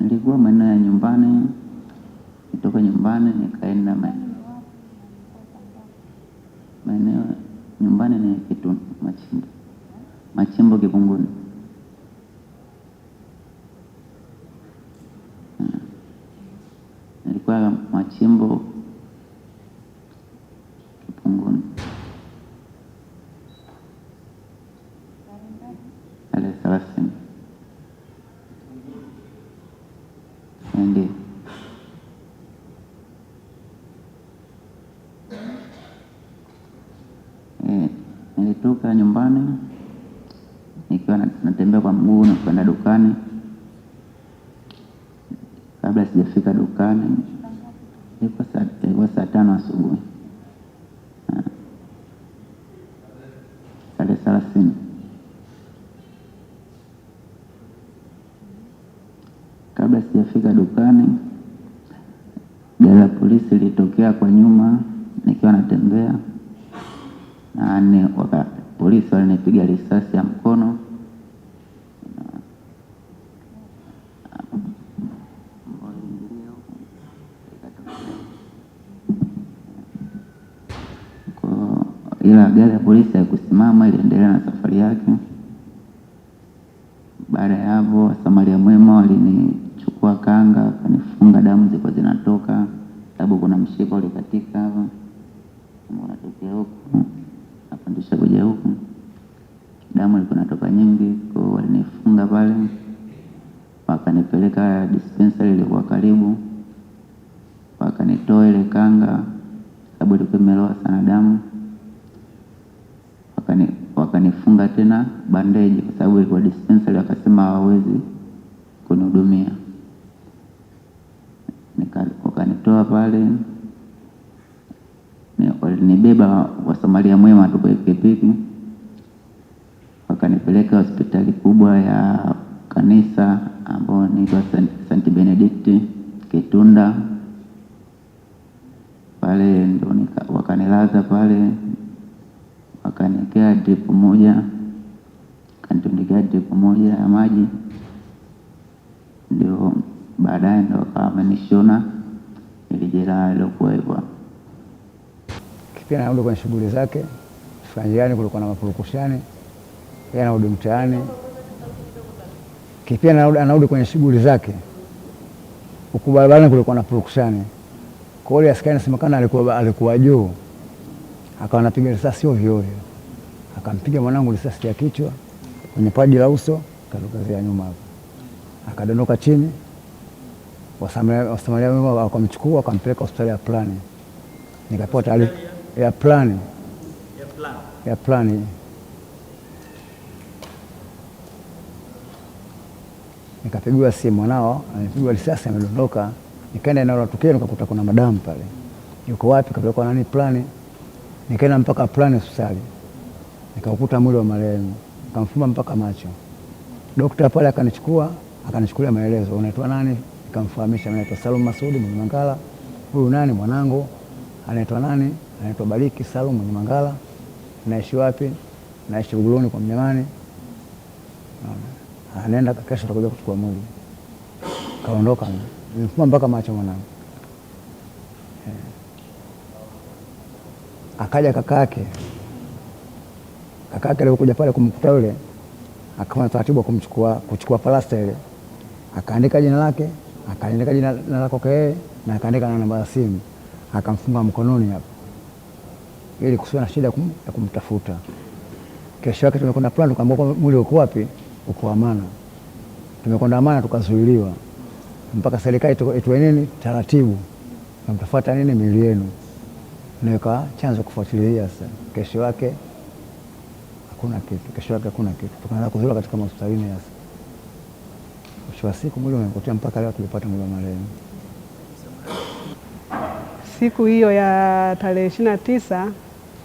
nilikuwa maeneo ya nyumbani, nitoka nyumbani nikaenda maeneo nyumbani ni kitu Machimbo, Machimbo Kikunguni. Nilikuwa Machimbo Kipunguni. kwenda dukani. Kabla sijafika dukani ilikuwa saa tano asubuhi tarehe thelathini. Kabla sijafika dukani, gari la polisi lilitokea kwa nyuma nikiwa natembea, na polisi walinipiga risasi ya mkono. ila gari ya polisi haikusimama, iliendelea na safari yake. Baada ya hapo, wasamaria mwema walinichukua kanga, akanifunga damu zilikuwa zinatoka, sababu kuna mshipa ulikatika hapa, unatokea huku, napandisha kuja huku, damu ilikuwa inatoka nyingi, kwa walinifunga pale, wakanipeleka dispensari ilikuwa karibu, wakanitoa ile kanga, sababu ilikuwa imeloa sana damu wakani, wakanifunga tena bandeji kwa sababu ilikuwa dispensary, wakasema hawawezi kunihudumia. Wakanitoa pale, walinibeba Wasamaria Mwema tu kwa pikipiki, wakanipeleka hospitali kubwa ya kanisa ambayo niitwa Saint Benedikti Kitunda pale ndo wakanilaza pale akaniwekea drip moja, akanitundikia drip moja ya maji, ndio baadaye ndo akawa amenishona ili jeraha lilokuwepo. Kipindi anarudi kwenye shughuli zake njiani, kulikuwa na mapurukushani, yeye anarudi mtaani. Kipindi anarudi kwenye shughuli zake huku barabarani kulikuwa na purukushani, kwa hiyo askari nasemekana alikuwa, alikuwa juu akawa anapiga risasi ovyo ovyo, akampiga mwanangu risasi ya kichwa kwenye paji la uso, katokezea nyuma hapo, akadondoka chini. Wasamaria wema wakamchukua wakampeleka hospitali ya plani, nikapewa taarifa ya plani ya plani, nikapigiwa simu, mwanao amepigwa risasi, amedondoka. Nikaenda eneo la tukio, nikakuta kuna madamu pale. Yuko wapi? Kapelekwa nani? Plani nikaenda mpaka plani hospitali nikaukuta mwili wa marehemu, nikamfumba mpaka macho. Dokta pale akanichukua akanichukulia maelezo, unaitwa nani? Nikamfahamisha naitwa Salum Masudi mwenye Mangala. Huyu nani mwanangu, anaitwa nani? Anaitwa Bariki Salum mwenye Mangala. Naishi wapi? Naishi Buguruni kwa Mnyamani. Anaenda kesho atakuja kuchukua mwili. Kaondoka, nimfumba mpaka macho mwanangu. akaja kakake, kakake alikuja pale kumkuta yule, akafanya taratibu kumchukua kuchukua plasta ile, akaandika jina lake, akaandika jina la kwake yeye na akaandika na namba ya simu, akamfunga mkononi hapo ili kusiwe na shida ya kumtafuta. Kesho yake tumekwenda plan, tukaambiwa mwili uko wapi? Uko Amana. Tumekwenda Amana tukazuiliwa mpaka serikali itoe nini taratibu, namtafuta nini mili yenu na chanzo kufuatilia sasa. Kesho yake hakuna kitu, kesho yake hakuna kitu, tukaanza kuzura katika hospitalini sasa. Mwisho wa siku mwili umepotea, mpaka leo tulipata mwili wa marehemu. Siku hiyo ya tarehe ishirini na tisa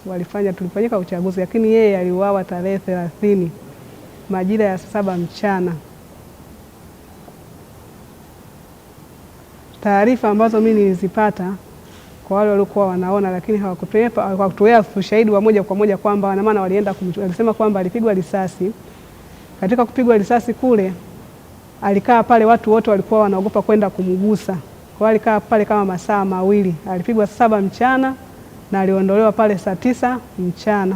walifanya tulifanyika uchaguzi, lakini yeye aliuawa tarehe thelathini majira ya saba mchana. Taarifa ambazo mimi nilizipata kwa wale waliokuwa wanaona lakini hawakutoa ushahidi wa moja kwa moja kwamba wana maana walienda kumchukua. Alisema kwamba alipigwa risasi. Katika kupigwa risasi kule alikaa pale, watu wote walikuwa wanaogopa kwenda kumgusa. Kwa alikaa pale kama masaa mawili. Alipigwa saa saba mchana na aliondolewa pale saa tisa mchana.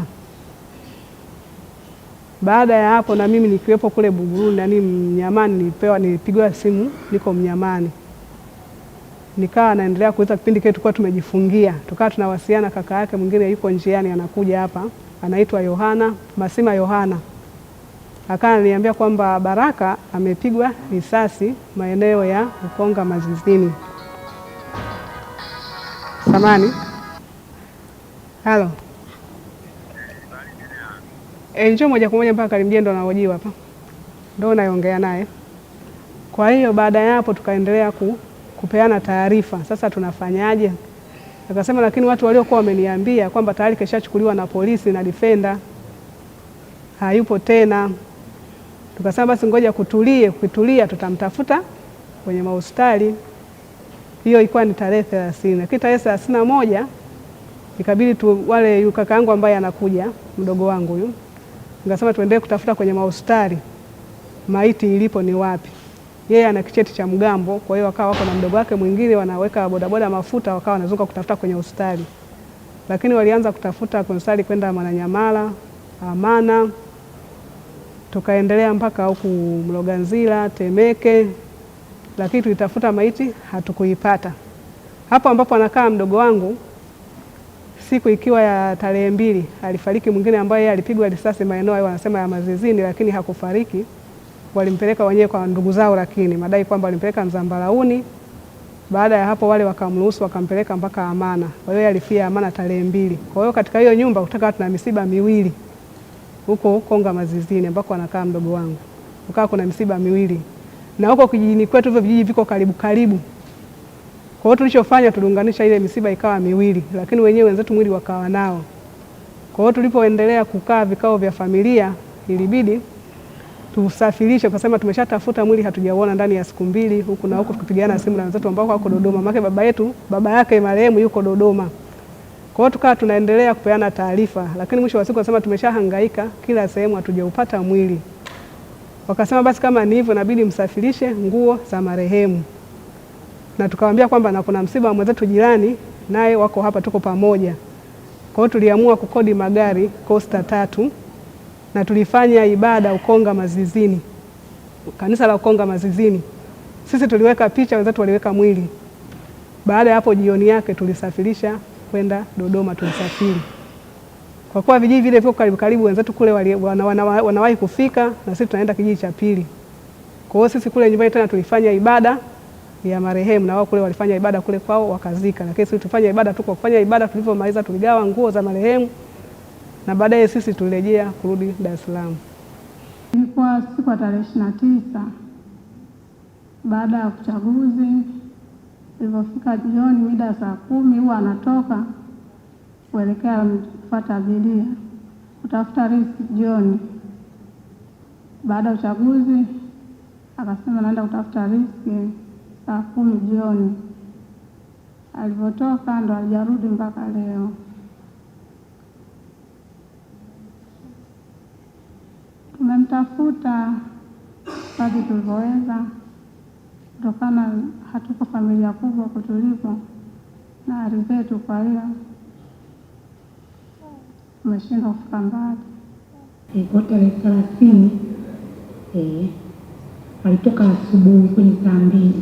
Baada ya hapo, na mimi nikiwepo kule Buguruni, nani Mnyamani, nilipewa nilipigwa simu, niko Mnyamani nikawa naendelea kuweza kipindi kile tulikuwa tumejifungia, tukawa tunawasiliana. Kaka yake mwingine yuko njiani anakuja hapa, anaitwa Yohana Masima Yohana, akawa ananiambia kwamba Baraka amepigwa risasi maeneo ya Ukonga Mazizini. Samani, halo e, moja kwa moja mpaka Karimjee, ndo anaojiwa hapa, ndo unaongea naye. Kwa hiyo baada ya hapo tukaendelea ku kupeana taarifa. Sasa tunafanyaje? Akasema lakini watu waliokuwa wameniambia kwamba tayari keshachukuliwa na polisi na defender hayupo tena. Tukasema basi ngoja kutulie, kutulia tutamtafuta kwenye mahospitali. Hiyo ilikuwa ni tarehe thelathini, lakini tarehe thelathini na moja ikabidi tu wale kaka yangu ambaye anakuja mdogo wangu huyu, nikasema tuendelee kutafuta kwenye mahospitali maiti ilipo ni wapi yeye ana kicheti cha mgambo, kwa hiyo wakawa wako na mdogo wake mwingine wanaweka bodaboda mafuta, wakawa wanazunguka kutafuta kwenye hospitali, lakini walianza kutafuta kwenye hospitali kwenda Mwananyamala, Amana, tukaendelea mpaka huku Mloganzila, Temeke, lakini tulitafuta maiti hatukuipata. Hapo ambapo anakaa mdogo wangu, siku ikiwa ya tarehe mbili, alifariki mwingine ambaye alipigwa risasi maeneo hayo wanasema ya Mazizini, lakini hakufariki walimpeleka wenyewe kwa ndugu zao, lakini madai kwamba walimpeleka mzambarauni Baada ya hapo, wale wakamruhusu wakampeleka mpaka Amana. Kwa hiyo alifia Amana tarehe mbili. Kwa hiyo katika hiyo nyumba kutaka tuna misiba miwili huko Konga Mazizini ambako anakaa mdogo wangu, ukawa kuna misiba miwili, na huko kijijini kwetu hivyo vijiji viko karibu karibu. Kwa hiyo tulichofanya tuliunganisha ile misiba ikawa miwili, lakini wenyewe wenzetu mwili wakawa nao. Kwa hiyo tulipoendelea kukaa vikao vya familia ilibidi tusafirishe, kwa tukasema tumeshatafuta mwili hatujauona ndani ya siku mbili, huku na huko, tukipigana simu na wenzetu ambao wako Dodoma, maana baba yetu baba yake marehemu yuko Dodoma. Kwa hiyo tukawa tunaendelea kupeana taarifa, lakini mwisho wa siku wakasema tumeshahangaika kila sehemu, hatujaupata mwili. Wakasema basi kama ni hivyo, inabidi msafirishe nguo za marehemu, na tukawaambia kwamba na kuna msiba wa mwenzetu jirani naye wako hapa, tuko pamoja. Kwa hiyo tuliamua kukodi magari Costa tatu na tulifanya ibada Ukonga Mazizini, kanisa la Ukonga Mazizini. Sisi tuliweka picha, wenzetu waliweka mwili. Baada ya hapo, jioni yake tulisafirisha kwenda Dodoma, tulisafiri kwa kuwa vijiji vile viko karibu karibu, wenzetu kule wanawahi wana, wana, wana kufika na sisi tunaenda kijiji cha pili. Kwa hiyo sisi kule nyumbani tena tulifanya ibada ya marehemu, na wao kule walifanya ibada kule kwao wakazika, lakini sisi tulifanya ibada tu. Kwa kufanya ibada, tulivyomaliza tuligawa nguo za marehemu na baadaye sisi tulirejea kurudi Dar es Salaam. Ilikuwa siku ya tarehe ishirini na tisa baada ya uchaguzi. Ilipofika jioni mida saa kumi, huwa anatoka kuelekea kufuata abiria kutafuta riski jioni. Baada ya uchaguzi akasema naenda kutafuta riski saa kumi jioni. Alivyotoka ndo alijarudi mpaka leo. tulimtafuta kazi tulivyoweza, kutokana hatuko familia kubwa kutuliko na hali zetu, kwa hiyo tumeshindwa kufika mbali. Kwa tarehe thelathini e, alitoka asubuhi kwenye saa mbili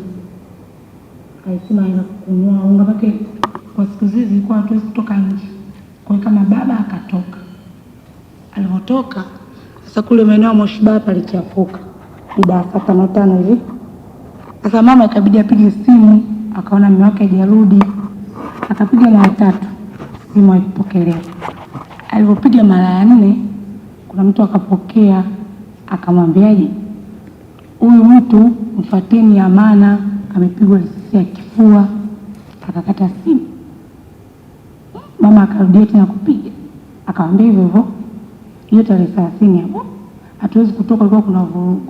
alisema aenda kukunua unga pake. Kwa siku zile zilikuwa hatuwezi kutoka nje, kwa hiyo kama baba akatoka, alivyotoka sasa kule maeneo ya Moshi palichafuka wa saa tano tano hivi. Sasa mama ikabidi apige simu, akaona mume wake hajarudi, akapiga mara tatu, simu haikupokelewa. Alipopiga mara ya nne, kuna mtu akapokea, akamwambiaje, huyu mtu mfateni, Amana amepigwa risasi ya kifua, akakata simu. Mama akarudia tena kupiga, akamwambia hivyo hivyo hiyo tarehe thelathini hapo hatuwezi kutoka, kwa kuna vurugu,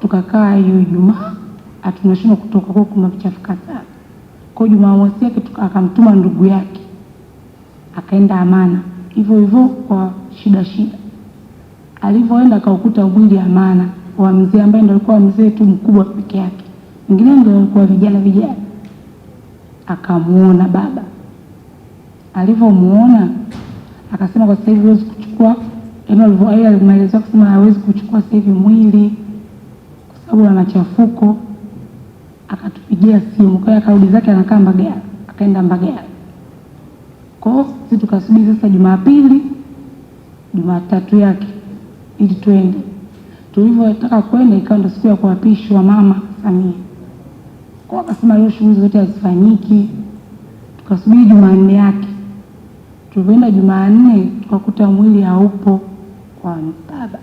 tukakaa hiyo Ijumaa hatunashindwa kutoka kwa kuna vichafuka sana. Kwa Jumamosi yake akamtuma ndugu yake akaenda Amana hivyo hivyo kwa shida shida, alivyoenda akaukuta mwili Amana wa mzee ambaye ndo alikuwa mzee tu mkubwa peke yake, wengine ndo walikuwa vijana vijana. Akamuona baba, alivyomuona akasema kwa sasa hivi yaani walivyoaia maelezo kusema hawezi kuchukua sasa hivi mwili kwa sababu ana chafuko. Akatupigia simu, kwa hiyo akarudi zake anakaa Mbagala, akaenda Mbagala. Kwa hiyo sisi tukasubiri sasa Jumapili, Jumatatu yake ili twende. Tulivyotaka kwenda, ikawa ndio siku ya kuapishwa mama Samia, kwa akasema leo shughuli zote hazifanyiki. Tukasubiri Jumanne yake, tulivyoenda Jumanne tukakuta mwili haupo kwani baba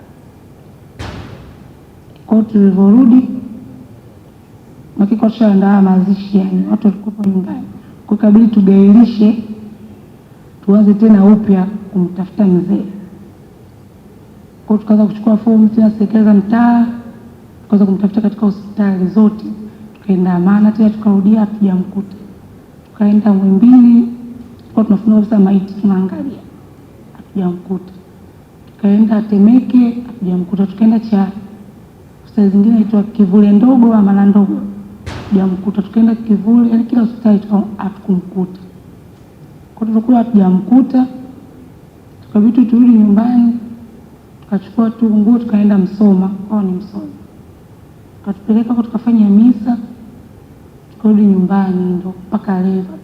kwao. Tulivyorudi makikosha tushaandaa mazishi, yani watu walikuwa nyumbani, kwa kabidi tugairishe, tuanze tena upya kumtafuta mzee Kwa Tukaanza kuchukua fomu tena serikali za mtaa, tukaanza kumtafuta katika hospitali zote, tukaenda Amana tena tukarudia, hatujamkuta. Tukaenda Mwimbili, tulikuwa tunafunua kabisa maiti, tunaangalia, hatujamkuta tukaenda Temeke, hatujamkuta. Tukaenda cha hospitali zingine inaitwa Kivule ndogo ama na ndogo, hatujamkuta. Tukaenda Kivule, yani kila hospitali hatukumkuta, kwa tulikuwa hatujamkuta. Tukabidi turudi nyumbani, tukachukua tu nguo tukaenda Msoma, kwa ni Msoma, tukatupeleka kwa tukafanya misa, tukarudi nyumbani, ndo mpaka leo.